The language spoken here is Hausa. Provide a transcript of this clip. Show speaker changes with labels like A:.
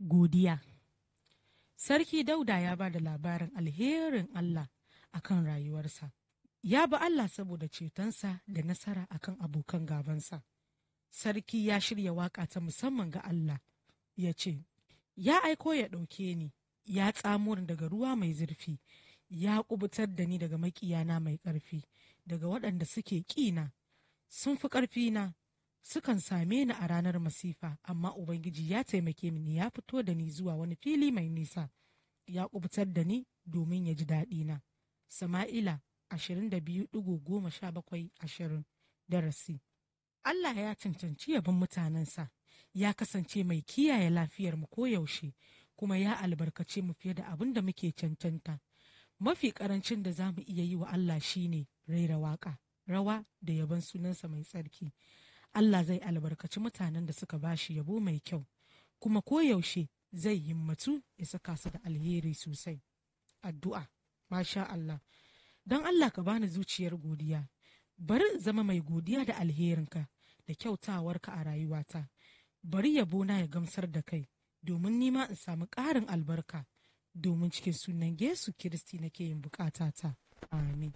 A: Godiya Sarki Dauda ya ba da labarin alherin Allah akan rayuwarsa, ya ba Allah saboda cetonsa da nasara akan abokan gabansa. Sarki ya shirya waƙa ta musamman ga Allah, ya ce, Ya aiko ya ɗauke ni, ya tsamo daga ruwa mai zurfi, ya ƙubutar da ni daga makiyana mai ƙarfi, daga waɗanda suke ƙina, sun fi ƙarfina, sukan same ni a ranar masifa amma ubangiji ya taimake ni ya fito da ni zuwa wani fili mai nisa ya kubutar da ni domin ya ji daɗi na sama'ila ashirin da biyu, goma sha bakwai ashirin darasi Allah ya cancanci yabin mutanensa ya kasance mai kiyaye lafiyar mu koyaushe kuma ya albarkace mu fiye da abin da muke cancanta mafi karancin da za mu iya yi wa Allah shine raira waka rawa da yabon sunansa mai tsarki Allah zai albarkaci mutanen da suka bashi yabo mai kyau kuma koyaushe zai yi matu ya saka su da alheri sosai addu'a masha Allah don Allah ka bani zuciyar godiya bari zama mai godiya da alherinka da kyautawarka a rayuwata bari yabona ya gamsar da kai domin nima in samu ƙarin albarka domin cikin sunan Yesu Kiristi nake yin bukatata amin